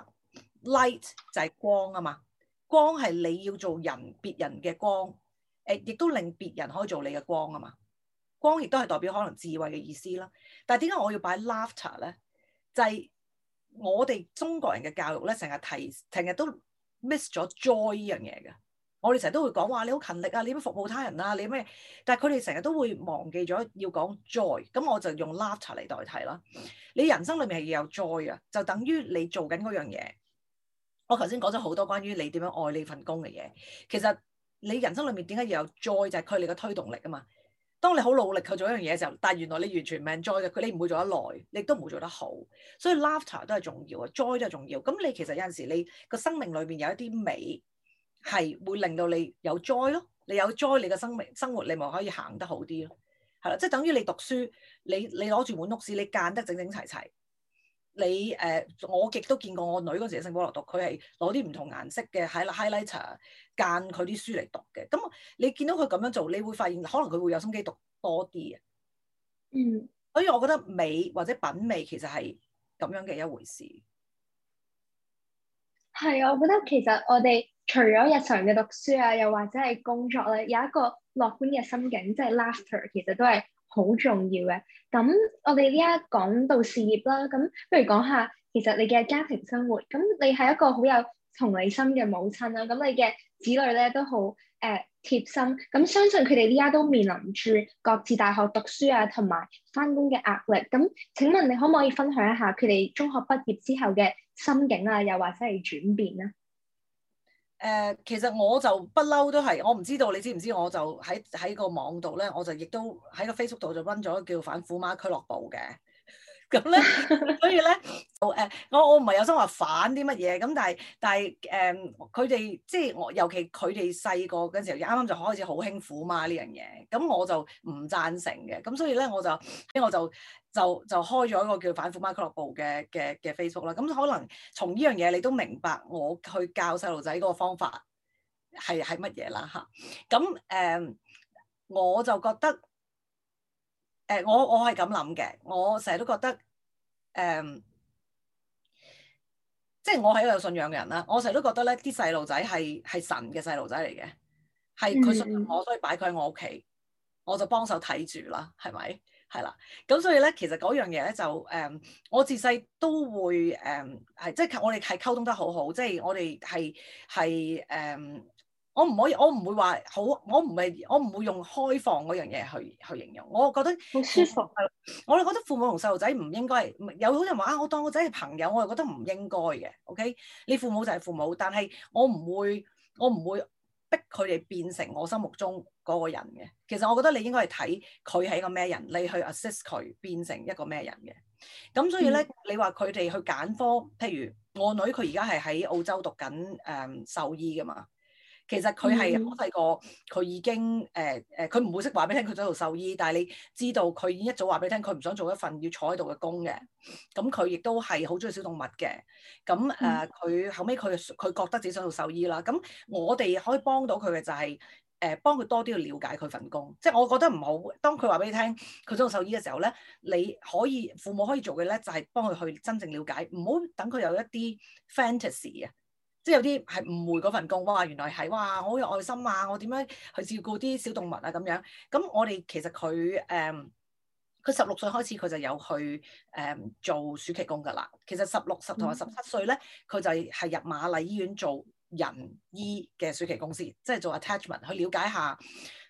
Light 就係光啊嘛，光係你要做人，別人嘅光，誒，亦都令別人可以做你嘅光啊嘛。光亦都係代表可能智慧嘅意思啦。但係點解我要擺 laughter 咧？就係我哋中國人嘅教育咧，成日提，成日都 miss 咗 joy 呢樣嘢嘅。我哋成日都會講話你好勤力啊，你乜服務他人啊，你咩？但係佢哋成日都會忘記咗要講 joy，咁我就用 laughter 嚟代替啦。你人生裡面係要有 joy 啊，就等於你做緊嗰樣嘢。我頭先講咗好多關於你點樣愛你份工嘅嘢，其實你人生裡面點解要有 joy 就係佢哋嘅推動力啊嘛。當你好努力去做一樣嘢嘅時候，但係原來你完全冇 joy 嘅，佢你唔會做得耐，你亦都唔會做得好。所以 laughter 都係重要啊，joy 都係重要。咁你其實有陣時你個生命裏面有一啲美。係會令到你有 joy 咯，你有 joy，你嘅生命生活你咪可以行得好啲咯，係啦，即係等於你讀書，你你攞住本屋紙，你間得整整齊齊，你誒、呃，我亦都見過我女嗰時喺聖保羅讀，佢係攞啲唔同顏色嘅喺 highlighter 間佢啲書嚟讀嘅，咁你見到佢咁樣做，你會發現可能佢會有心機讀多啲嘅，嗯，所以我覺得美或者品味其實係咁樣嘅一回事，係啊，我覺得其實我哋。除咗日常嘅讀書啊，又或者係工作咧，有一個樂觀嘅心境，即係 laughter，其實都係好重要嘅。咁我哋呢家講到事業啦，咁不如講下其實你嘅家庭生活。咁你係一個好有同理心嘅母親啊，咁你嘅子女咧都好誒貼心。咁相信佢哋呢家都面臨住各自大學讀書啊，同埋返工嘅壓力。咁請問你可唔可以分享一下佢哋中學畢業之後嘅心境啊？又或者係轉變咧？誒，uh, 其實我就不嬲都係，我唔知道你知唔知，我就喺喺個網度咧，我就亦都喺個 Facebook 度就 run 咗叫反虎媽俱樂部嘅。咁咧， 所以咧，誒，我我唔係有心話反啲乜嘢，咁但係但係誒，佢、嗯、哋即係我，尤其佢哋細個嗰陣時候，啱啱就開始好興虎媽呢樣嘢，咁我就唔贊成嘅。咁所以咧，我就即係我就就就開咗一個叫反虎媽俱樂部嘅嘅嘅 Facebook 啦。咁、嗯、可能從呢樣嘢，你都明白我去教細路仔嗰個方法係係乜嘢啦嚇。咁誒、嗯，我就覺得。誒我我係咁諗嘅，我成日都覺得誒、嗯，即係我係一個有信仰嘅人啦。我成日都覺得咧，啲細路仔係係神嘅細路仔嚟嘅，係佢信任我，所以擺佢喺我屋企，我就幫手睇住啦，係咪？係啦，咁所以咧，其實嗰樣嘢咧就誒、嗯，我自細都會誒係、嗯、即係我哋係溝通得好好，即係我哋係係誒。我唔可以，我唔會話好，我唔係，我唔會用開放嗰樣嘢去去形容。我覺得好舒服，係咯。我覺得父母同細路仔唔應該係有好多人話啊，我當個仔係朋友，我又覺得唔應該嘅。OK，你父母就係父母，但係我唔會，我唔會逼佢哋變成我心目中嗰個人嘅。其實我覺得你應該係睇佢係一個咩人，你去 assist 佢變成一個咩人嘅。咁所以咧，嗯、你話佢哋去揀科，譬如我女佢而家係喺澳洲讀緊誒、呃、獸醫噶嘛。其實佢係好細個，佢、嗯、已經誒誒，佢唔會識話俾你聽佢想做獸醫，但係你知道佢已經一早話俾你聽，佢唔想做一份要坐喺度嘅工嘅。咁佢亦都係好中意小動物嘅。咁誒，佢、呃、後尾，佢佢覺得自己想做獸醫啦。咁我哋可以幫到佢嘅就係、是、誒、呃，幫佢多啲去了解佢份工。即、就、係、是、我覺得唔好，當佢話俾你聽佢想做獸醫嘅時候咧，你可以父母可以做嘅咧，就係幫佢去真正了解，唔好等佢有一啲 fantasy 啊。即係有啲係誤會嗰份工，哇！原來係哇，我好有愛心啊，我點樣去照顧啲小動物啊咁樣。咁我哋其實佢誒，佢十六歲開始佢就有去誒、嗯、做暑期工㗎啦。其實十六十同埋十七歲咧，佢、嗯、就係入瑪麗醫院做。人醫嘅暑期公司，即係做 attachment 去了解下，誒、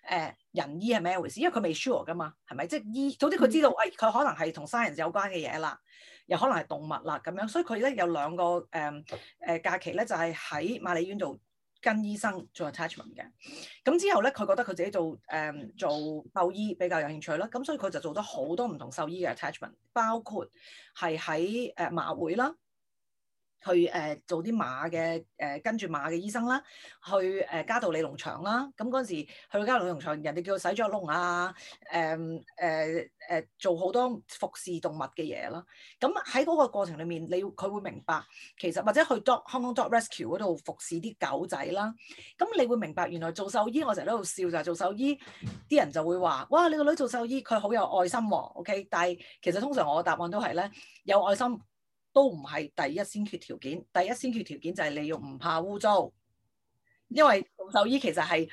呃、人醫係咩回事？因為佢未 sure 噶嘛，係咪？即係醫，總之佢知道，誒、哎、佢可能係同 science 有關嘅嘢啦，又可能係動物啦，咁樣。所以佢咧有兩個誒誒、呃呃、假期咧，就係喺瑪麗醫院度跟醫生做 attachment 嘅。咁之後咧，佢覺得佢自己做誒、呃、做獸醫比較有興趣啦。咁所以佢就做咗好多唔同獸醫嘅 attachment，包括係喺誒馬會啦。去誒做啲馬嘅誒跟住馬嘅醫生啦，去誒嘉道理農場啦。咁嗰陣時去嘉道理農場，人哋叫佢洗咗豬籠啊，誒誒誒做好多服侍動物嘅嘢啦。咁喺嗰個過程裏面，你佢會明白，其實或者去 Dog Hong Kong Dog Rescue 嗰度服侍啲狗仔啦。咁你會明白原來做獸醫，我成日都度笑就係、是、做獸醫，啲人就會話：哇，你個女做獸醫，佢好有愛心喎。OK，但係其實通常我嘅答案都係咧，有愛心。都唔係第一先決條件，第一先決條件就係你要唔怕污糟，因為讀獸醫其實係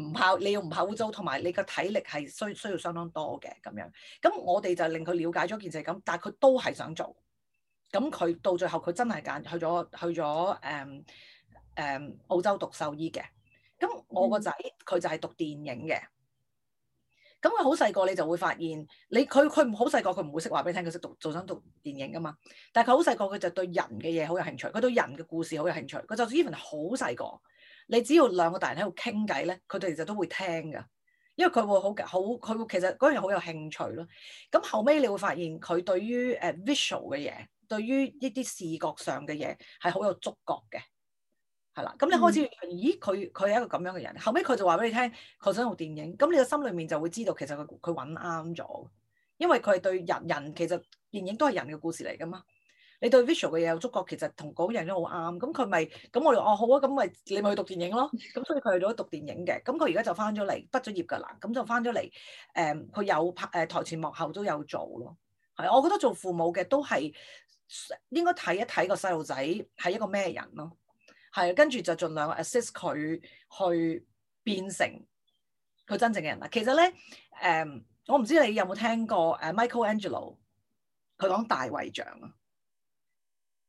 唔怕，你要唔怕污糟，同埋你個體力係需要需要相當多嘅咁樣。咁我哋就令佢了解咗件事咁，但係佢都係想做。咁佢到最後佢真係揀去咗去咗誒誒澳洲讀獸醫嘅。咁我個仔佢、嗯、就係讀電影嘅。咁佢好細個你就會發現，你佢佢唔好細個佢唔會識話俾你聽，佢識讀做想讀電影噶嘛。但係佢好細個佢就對人嘅嘢好有興趣，佢對人嘅故事好有興趣。佢就算 even 好細個，你只要兩個大人喺度傾偈咧，佢哋就都會聽噶，因為佢會好好，佢會，會其實嗰樣好有興趣咯。咁後尾，你會發現佢對於誒 visual 嘅嘢，對於一啲視覺上嘅嘢係好有觸覺嘅。係啦，咁你開始咦佢佢係一個咁樣嘅人，後尾佢就話俾你聽，佢想做電影，咁你個心裏面就會知道其實佢佢揾啱咗，因為佢對人人其實電影都係人嘅故事嚟噶嘛，你對 visual 嘅嘢有觸覺，其實同講人咧好啱，咁佢咪咁我哋哦好啊，咁咪你咪去讀電影咯，咁所以佢去咗讀電影嘅，咁佢而家就返咗嚟，畢咗業㗎啦，咁就返咗嚟，誒、嗯、佢有拍誒台前幕後都有做咯，係，我覺得做父母嘅都係應該睇一睇個細路仔係一個咩人咯。係，跟住就盡量 assist 佢去變成佢真正嘅人啦。其實咧，誒、嗯，我唔知你有冇聽過誒 Michelangelo，佢講大衞像啊。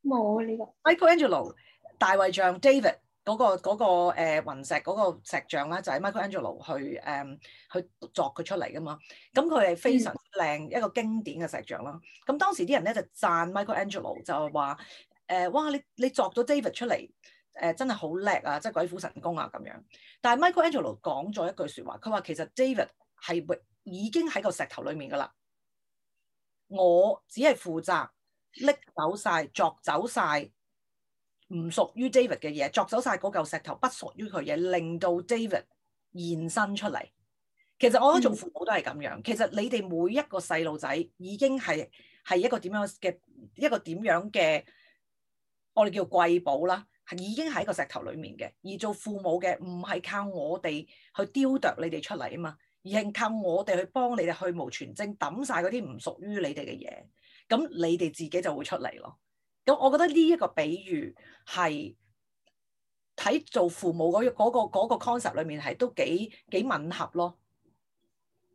冇呢、那個。Michelangelo 大衞像 David 嗰個嗰、那個、呃、雲石嗰、那個石像啦，就係、是、Michelangelo 去誒、呃、去作佢出嚟噶嘛。咁佢係非常靚、嗯、一個經典嘅石像啦。咁當時啲人咧就讚 Michelangelo 就係話誒，哇！你你作咗 David 出嚟。誒、呃、真係好叻啊！即係鬼斧神工啊咁樣。但係 Michael Angelo 講咗一句説話，佢話其實 David 係已經喺個石頭裡面㗎喇。我只係負責拎走晒、鑿走晒唔屬於 David 嘅嘢，鑿走晒嗰嚿石頭不屬於佢嘢，令到 David 現身出嚟。其實我覺得做父母都係咁樣。嗯、其實你哋每一個細路仔已經係係一個點樣嘅一個點樣嘅我哋叫貴寶啦。已經喺個石頭裏面嘅，而做父母嘅唔係靠我哋去雕琢你哋出嚟啊嘛，而係靠我哋去幫你哋去無全正抌晒嗰啲唔屬於你哋嘅嘢，咁你哋自己就會出嚟咯。咁我覺得呢一個比喻係喺做父母嗰嗰個嗰個 concept 裏面係都幾幾吻合咯。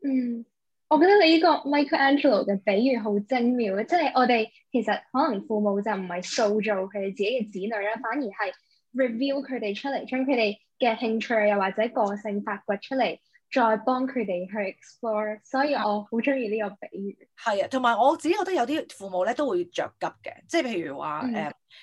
嗯。我覺得你呢個 Michelangelo 嘅比喻好精妙，即係我哋其實可能父母就唔係塑造佢哋自己嘅子女啦，反而係 reveal 佢哋出嚟，將佢哋嘅興趣又或者個性發掘出嚟，再幫佢哋去 explore。所以我好中意呢個比喻。係啊，同埋我自己覺得有啲父母咧都會着急嘅，即係譬如話誒，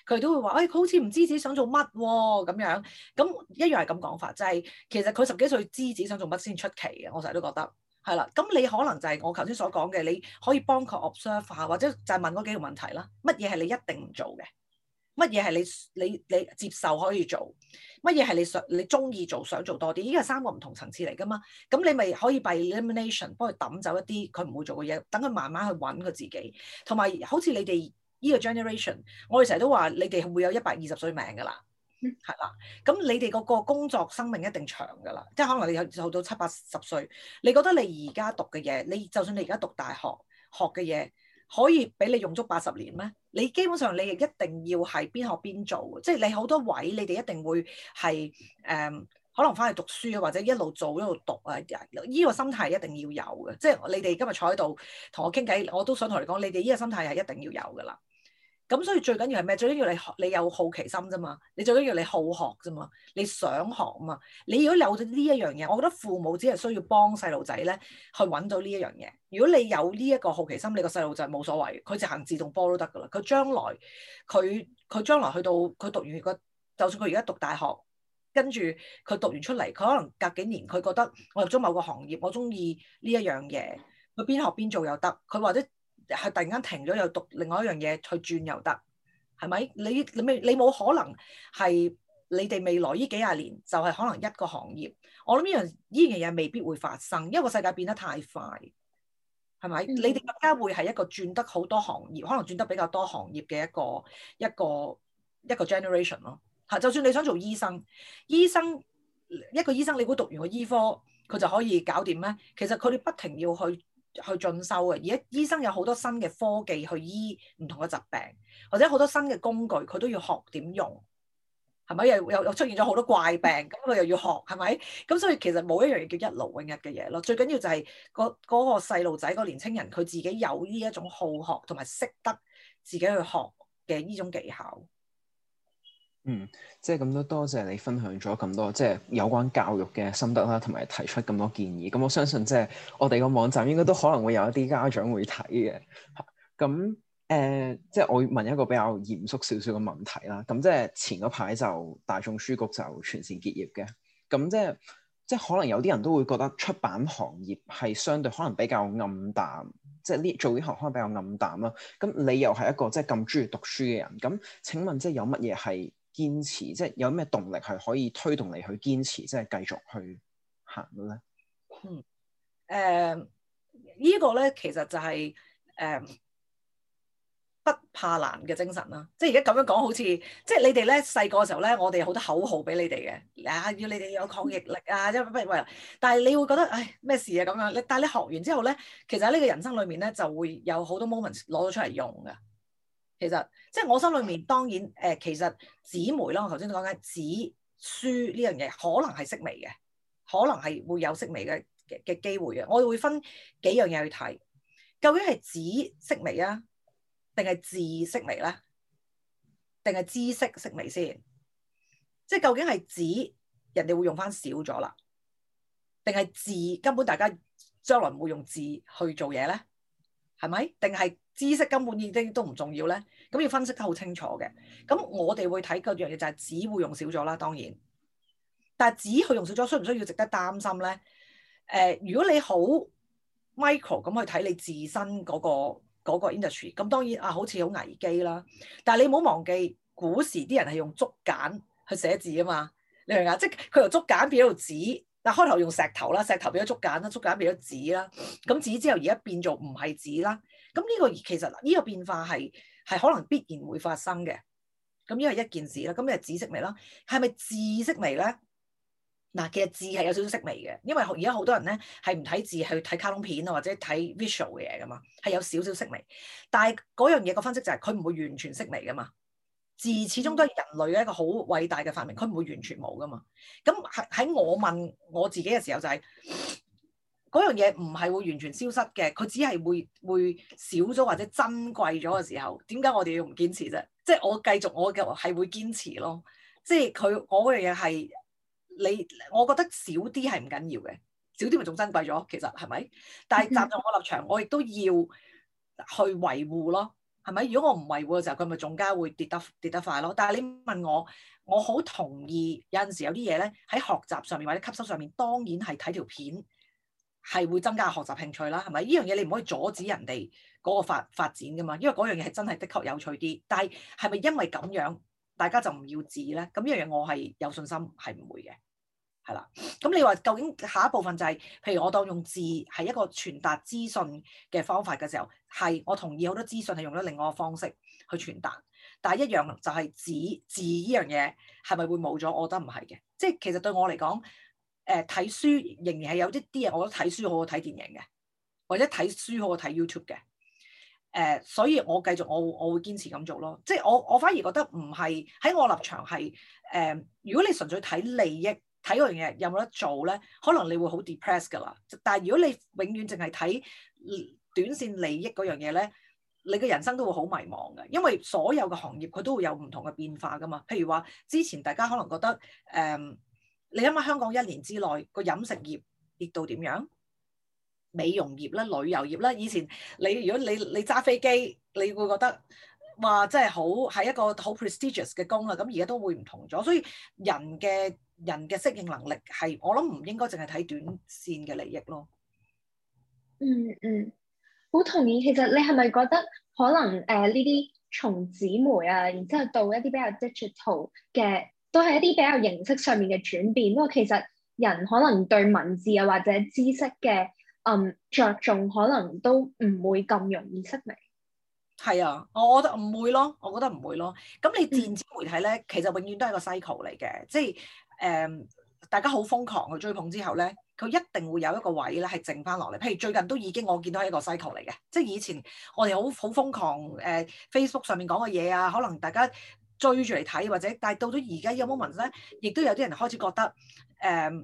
佢、嗯、都會話，誒、哎，佢好似唔知自己想做乜喎咁樣。咁一樣係咁講法，就係、是、其實佢十幾歲知自己想做乜先出奇嘅。我成日都覺得。係啦，咁你可能就係我頭先所講嘅，你可以幫佢 observe 下，或者就係問嗰幾個問題啦。乜嘢係你一定唔做嘅？乜嘢係你你你接受可以做？乜嘢係你想你中意做想做多啲？依家係三個唔同層次嚟噶嘛，咁你咪可以 by elimination 幫佢抌走一啲佢唔會做嘅嘢，等佢慢慢去揾佢自己。同埋好似你哋呢個 generation，我哋成日都話你哋會有一百二十歲命噶啦。係啦，咁你哋嗰個工作生命一定長噶啦，即係可能你有做到七八十歲，你覺得你而家讀嘅嘢，你就算你而家讀大學學嘅嘢，可以俾你用足八十年咩？你基本上你亦一定要係邊學邊做，即係你好多位你哋一定會係誒、呃，可能翻去讀書或者一路做一路讀啊，依、呢個心態一定要有嘅，即係你哋今日坐喺度同我傾偈，我都想同你講，你哋呢個心態係一定要有噶啦。咁所以最緊要係咩？最緊要你學，你有好奇心啫嘛。你最緊要你好學啫嘛，你想學嘛。你如果有呢一樣嘢，我覺得父母只係需要幫細路仔咧去揾到呢一樣嘢。如果你有呢一個好奇心，你個細路仔冇所謂，佢就行自動波都得噶啦。佢將來佢佢將來去到佢讀完個，就算佢而家讀大學，跟住佢讀完出嚟，佢可能隔幾年佢覺得我入咗某個行業，我中意呢一樣嘢，佢邊學邊做又得，佢或者。係突然間停咗，又讀另外一樣嘢去轉又得，係咪？你你未你冇可能係你哋未來呢幾廿年就係、是、可能一個行業。我諗呢樣呢樣嘢未必會發生，因為世界變得太快，係咪？嗯、你哋更加會係一個轉得好多行業，可能轉得比較多行業嘅一個一個一個 generation 咯。嚇，就算你想做醫生，醫生一個醫生你估讀完個醫科佢就可以搞掂咩？其實佢哋不停要去。去進修嘅。而家醫生有好多新嘅科技去醫唔同嘅疾病，或者好多新嘅工具，佢都要學點用，係咪？又又又出現咗好多怪病，咁佢又要學，係咪？咁所以其實冇一樣嘢叫一勞永逸嘅嘢咯。最緊要就係個嗰個細路仔，嗰年青人佢自己有呢一種好學同埋識得自己去學嘅呢種技巧。嗯，即係咁都多謝你分享咗咁多，即係有關教育嘅心得啦，同埋提出咁多建議。咁我相信即係我哋個網站應該都可能會有一啲家長會睇嘅。咁誒，即係我問一個比較嚴肅少少嘅問題啦。咁即係前嗰排就大眾書局就全線結業嘅。咁即係即係可能有啲人都會覺得出版行業係相對可能比較暗淡，即係呢做呢行可能比較暗淡啦。咁你又係一個即係咁中意讀書嘅人，咁請問即係有乜嘢係？堅持即係有咩動力係可以推動你去堅持，即係繼續去行咧？嗯，誒、呃這個、呢個咧其實就係、是、誒、呃、不怕難嘅精神啦。即係而家咁樣講，好似即係你哋咧細個嘅時候咧，我哋好多口號俾你哋嘅，啊要你哋有抗逆力啊，即係不喂。但係你會覺得唉，咩、哎、事啊咁樣？你但係你學完之後咧，其實喺呢個人生裡面咧，就會有好多 moment 攞咗出嚟用嘅。其實即係、就是、我心裏面，當然誒、呃，其實紙媒啦，我頭先講緊紙書呢樣嘢，可能係式微嘅，可能係會有式微嘅嘅嘅機會嘅。我會分幾樣嘢去睇，究竟係紙式微啊，定係字式微咧，定係知識式微先？即係究竟係紙人哋會用翻少咗啦，定係字根本大家將來唔會用字去做嘢咧？係咪？定係知識根本已經都唔重要咧？咁要分析得好清楚嘅。咁我哋會睇嗰樣嘢就係紙會用少咗啦。當然，但係紙去用少咗，需唔需要值得擔心咧？誒、呃，如果你好 micro 咁去睇你自身嗰、嗰個嗰個 industry，咁當然啊，好似好危機啦。但係你唔好忘記，古時啲人係用竹簡去寫字啊嘛，你明唔明啊？即係佢由竹簡變到紙。嗱，開頭用石頭啦，石頭變咗竹簡啦，竹簡變咗紙啦，咁紙之後而家變做唔係紙啦，咁呢個其實呢個變化係係可能必然會發生嘅，咁呢個一件事啦，咁係字式微啦，係咪字式微咧？嗱，其實字係有少少式微嘅，因為而家好多人咧係唔睇字，係睇卡通片啊或者睇 visual 嘅嘢噶嘛，係有少少式微，但係嗰樣嘢個分析就係佢唔會完全式微噶嘛。自始終都係人類一個好偉大嘅發明，佢唔會完全冇㗎嘛。咁喺我問我自己嘅時候、就是，就係嗰樣嘢唔係會完全消失嘅，佢只係會會少咗或者珍貴咗嘅時候。點解我哋要唔堅持啫？即係我繼續我嘅係會堅持咯。即係佢我嗰樣嘢係你，我覺得少啲係唔緊要嘅，少啲咪仲珍貴咗。其實係咪？但係站在我立場，我亦都要去維護咯。係咪？如果我唔維護嘅時候，佢咪仲加會跌得跌得快咯。但係你問我，我好同意。有陣時有啲嘢咧，喺學習上面或者吸收上面，當然係睇條片係會增加學習興趣啦。係咪？呢樣嘢你唔可以阻止人哋嗰個發,發展噶嘛。因為嗰樣嘢係真係的確有趣啲。但係係咪因為咁樣大家就唔要指咧？咁呢樣嘢我係有信心係唔會嘅。係啦，咁、嗯、你話究竟下一部分就係、是，譬如我當用字係一個傳達資訊嘅方法嘅時候，係我同意好多資訊係用咗另外一個方式去傳達，但係一樣就係字字，呢樣嘢係咪會冇咗？我覺得唔係嘅，即係其實對我嚟講，誒、呃、睇書仍然係有一啲嘢，我覺得睇書好過睇電影嘅，或者睇書好過睇 YouTube 嘅，誒、呃，所以我繼續我我會堅持咁做咯。即係我我反而覺得唔係喺我立場係，誒、呃，如果你純粹睇利益。睇嗰樣嘢有冇得做咧？可能你會好 depressed 噶啦。但係如果你永遠淨係睇短線利益嗰樣嘢咧，你嘅人生都會好迷茫嘅。因為所有嘅行業佢都會有唔同嘅變化噶嘛。譬如話之前大家可能覺得誒、嗯，你諗下香港一年之內個飲食業跌到點樣？美容業啦、旅遊業啦，以前你如果你你揸飛機，你會覺得話真係好係一個好 prestigious 嘅工啦。咁而家都會唔同咗，所以人嘅。人嘅適應能力係，我諗唔應該淨係睇短線嘅利益咯。嗯嗯，好、嗯、同意。其實你係咪覺得可能誒呢啲從紙媒啊，然之後到一啲比較 digital 嘅，都係一啲比較形式上面嘅轉變。不過其實人可能對文字啊或者知識嘅嗯著重，可能都唔會咁容易失明。係啊，我覺得唔會咯。我覺得唔會咯。咁你電子媒體咧，嗯、其實永遠都係個 cycle 嚟嘅，即係。誒，um, 大家好瘋狂去追捧之後咧，佢一定會有一個位咧係剩翻落嚟。譬如最近都已經，我見到一個 cycle 嚟嘅，即係以前我哋好好瘋狂誒、uh, Facebook 上面講嘅嘢啊，可能大家追住嚟睇，或者但係到咗而家呢個 moment 咧，亦都有啲人開始覺得誒。Um,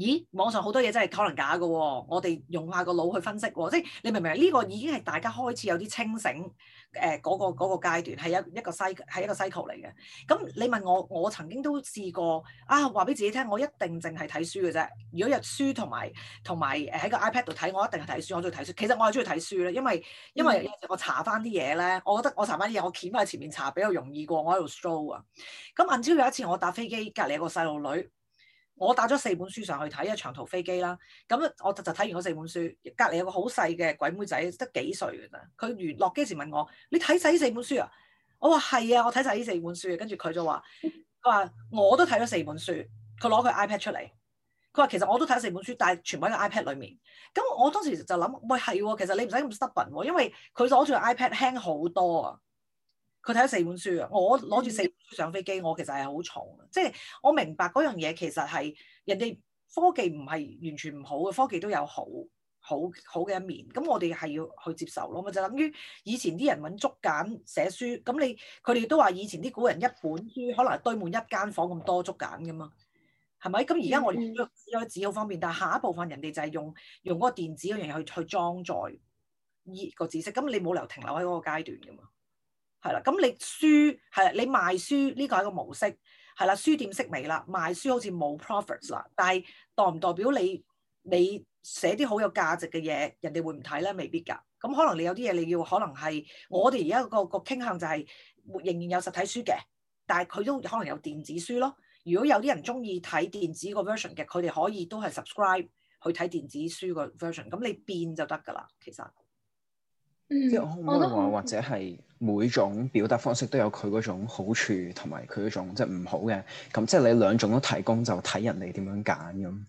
咦，網上好多嘢真係可能假嘅，哦，我哋用下個腦去分析，哦，即係你明唔明？呢、這個已經係大家開始有啲清醒，誒、呃、嗰、嗰個嗰個階段係一一個西係一個 cycle 嚟嘅。咁你問我，我曾經都試過啊，話俾自己聽，我一定淨係睇書嘅啫。如果有書同埋同埋喺個 iPad 度睇，我一定係睇書，我中意睇書。其實我係中意睇書咧，因為因為有時我查翻啲嘢咧，我覺得我查翻啲嘢，我鉗翻喺前面查比較容易過，我喺度 scroll 啊。咁銀超有一次我搭飛機，隔離有個細路女。我帶咗四本書上去睇，一長途飛機啦。咁我就就睇完嗰四本書。隔離有個好細嘅鬼妹仔，得幾歲㗎咋？佢完落機時問我：你睇晒呢四本書啊？我話係啊，我睇晒呢四本書。跟住佢就話：佢話我都睇咗四本書。佢攞佢 iPad 出嚟，佢話其實我都睇咗四本書，但係全部喺個 iPad 裡面。咁我當時就諗，喂，係喎，其實你唔使咁 stubborn 喎，因為佢攞住個 iPad 輕好多啊。佢睇咗四本書啊！我攞住四本書上飛機，我其實係好重，即係我明白嗰樣嘢其實係人哋科技唔係完全唔好嘅，科技都有好好好嘅一面。咁我哋係要去接受咯，咪就等於以前啲人揾竹簡寫書。咁你佢哋都話以前啲古人一本書可能堆滿一間房咁多竹簡㗎嘛，係咪？咁而家我哋用咗紙好方便，但係下一部分人哋就係用用嗰個電子嗰樣嘢去去裝載呢個知識。咁你冇理由停留喺嗰個階段㗎嘛？係啦，咁你書係你賣書呢個係一個模式，係啦，書店式微啦，賣書好似冇 profits 啦。但係代唔代表你你寫啲好有價值嘅嘢，人哋會唔睇咧？未必㗎。咁可能你有啲嘢你要，可能係我哋而家個個傾向就係、是、仍然有實體書嘅，但係佢都可能有電子書咯。如果有啲人中意睇電子個 version 嘅，佢哋可以都係 subscribe 去睇電子書個 version。咁你變就得㗎啦，其實。即係我冇話，或者係每種表達方式都有佢嗰種好處種好，同埋佢嗰種即係唔好嘅。咁即係你兩種都提供，就睇人哋點樣揀咁。誒、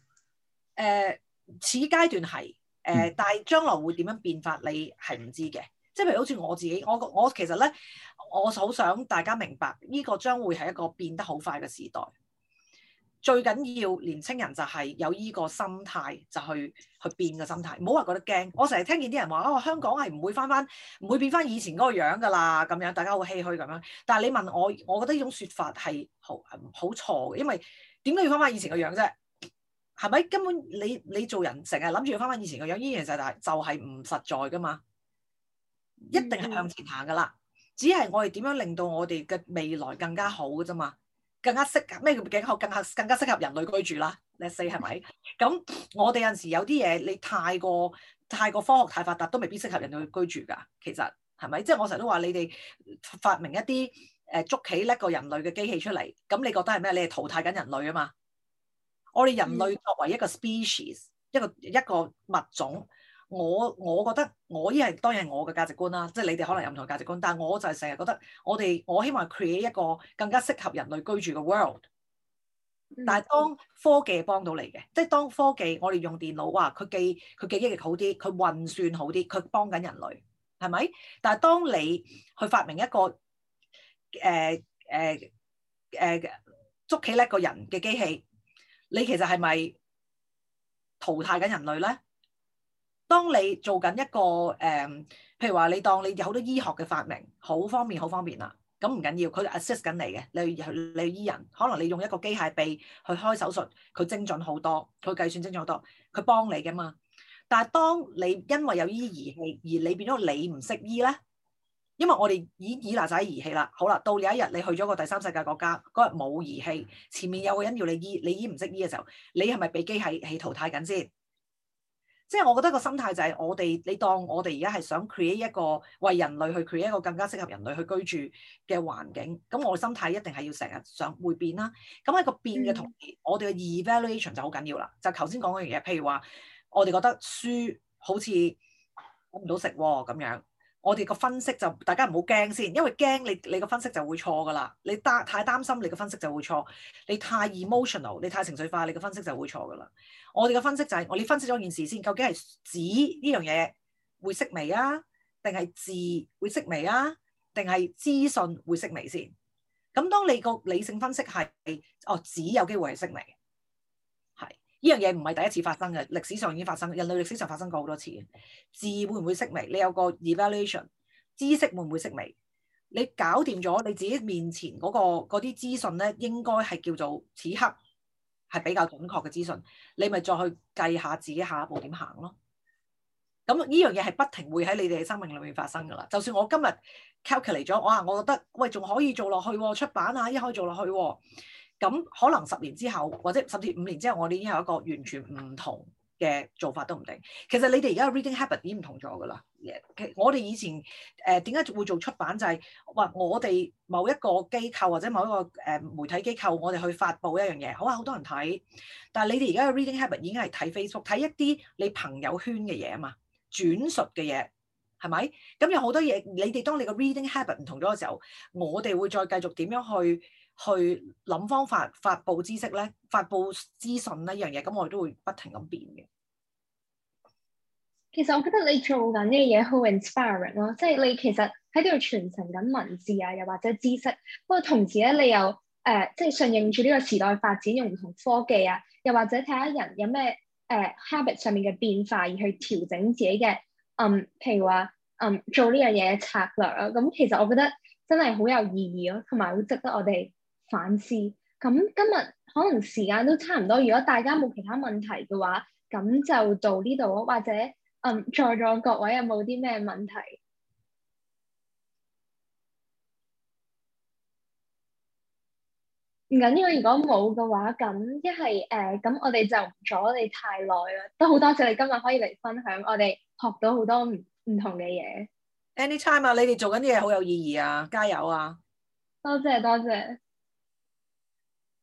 呃，此階段係誒，呃嗯、但係將來會點樣變法，你係唔知嘅。即係譬如好似我自己，我我其實咧，我好想大家明白呢、這個將會係一個變得好快嘅時代。最緊要年青人就係有依個心態，就去去變個心態，唔好話覺得驚。我成日聽見啲人話，哦，香港係唔會翻翻，唔會變翻以前嗰個樣噶啦，咁樣大家好唏噓咁樣。但係你問我，我覺得呢種説法係好好錯嘅，因為點解要翻翻以前個樣啫？係咪根本你你做人成日諗住翻翻以前個樣，依樣就係、就係、係、唔實在噶嘛？一定係向前行噶啦，只係我哋點樣令到我哋嘅未來更加好嘅啫嘛。更加適合，咩叫景後，更加更加適合人類居住啦。Let's say 係咪？咁 我哋有陣時有啲嘢，你太過太過科學太發達，都未必適合人類居住噶。其實係咪？即係我成日都話你哋發明一啲誒、呃、捉起叻過人類嘅機器出嚟，咁你覺得係咩？你係淘汰緊人類啊嘛！我哋人類作為一個 species，一個一個物種。我我覺得我依係當然係我嘅價值觀啦，即係你哋可能有唔同價值觀，但係我就係成日覺得我哋我希望 create 一個更加適合人類居住嘅 world。但係當科技係幫到你嘅，即係當科技我哋用電腦啊，佢記佢記憶力好啲，佢運算好啲，佢幫緊人類，係咪？但係當你去發明一個誒誒誒捉棋叻個人嘅機器，你其實係咪淘汰緊人類咧？當你做緊一個誒、嗯，譬如話你當你有好多醫學嘅發明，好方便，好方便啦。咁唔緊要，佢 assist 緊你嘅，你例如醫人，可能你用一個機械臂去開手術，佢精準好多，佢計算精準好多，佢幫你㗎嘛。但係當你因為有醫儀器而你變咗你唔識醫咧，因為我哋已經依賴曬啲儀器啦。好啦，到有一日你去咗個第三世界國家，嗰日冇儀器，前面有個人要你醫，你醫唔識醫嘅時候，你係咪俾機械係淘汰緊先？即係我覺得個心態就係我哋，你當我哋而家係想 create 一個為人類去 create 一個更加適合人類去居住嘅環境，咁我嘅心態一定係要成日想會變啦。咁喺個變嘅同時，嗯、我哋嘅 evaluation 就好緊要啦。就頭先講嗰樣嘢，譬如話我哋覺得書好似搵唔到食喎、喔、咁樣。我哋個分析就大家唔好驚先，因為驚你你個分析就會錯㗎啦。你擔太擔心，你個分析就會錯。你太 emotional，你太情緒化，你個分析就會錯㗎啦。我哋個分析就係、是，我哋分析咗件事先，究竟係紙呢樣嘢會式微啊，定係字會式微啊，定係資訊會式微先？咁當你個理性分析係哦紙有機會係式微。呢樣嘢唔係第一次發生嘅，歷史上已經發生，人類歷史上發生過好多次。字會唔會識微？你有個 evaluation，知識會唔會識微？你搞掂咗你自己面前嗰個嗰啲資訊咧，應該係叫做此刻係比較準確嘅資訊，你咪再去計下自己下一步點行咯。咁呢樣嘢係不停會喺你哋嘅生命裏面發生噶啦。就算我今日 calculate 咗，我、啊、話我覺得，喂，仲可以做落去、喎，出版啊，一可以做落去、喎。咁可能十年之後，或者甚至五年之後，我哋已經有一個完全唔同嘅做法都唔定。其實你哋而家嘅 reading habit 已經唔同咗噶啦。我哋以前誒點解會做出版就係話，我哋某一個機構或者某一個誒、呃、媒體機構，我哋去發布一樣嘢，好啊，好多人睇。但係你哋而家嘅 reading habit 已經係睇 Facebook，睇一啲你朋友圈嘅嘢啊嘛，轉述嘅嘢係咪？咁有好多嘢，你哋當你個 reading habit 唔同咗嘅時候，我哋會再繼續點樣去？去諗方法發佈知識咧，發佈資訊呢樣嘢，咁我哋都會不停咁變嘅。其實我覺得你做緊呢樣嘢好 inspiring 咯，即係你其實喺度傳承緊文字啊，又或者知識。不過同時咧，你又誒、呃、即係順應住呢個時代發展，用唔同科技啊，又或者睇下人有咩誒、呃、habit 上面嘅變化，而去調整自己嘅嗯，譬如話嗯做呢樣嘢嘅策略啦。咁、嗯、其實我覺得真係好有意義咯，同埋好值得我哋反思，咁今日可能時間都差唔多，如果大家冇其他問題嘅話，咁就到呢度咯。或者嗯，在座各位有冇啲咩問題？唔緊要，如果冇嘅話，咁一係誒，咁、呃、我哋就唔阻你太耐咯。都好多謝你今日可以嚟分享，我哋學到好多唔唔同嘅嘢。Anytime 啊，你哋做緊啲嘢好有意義啊！加油啊！多謝多謝。多謝。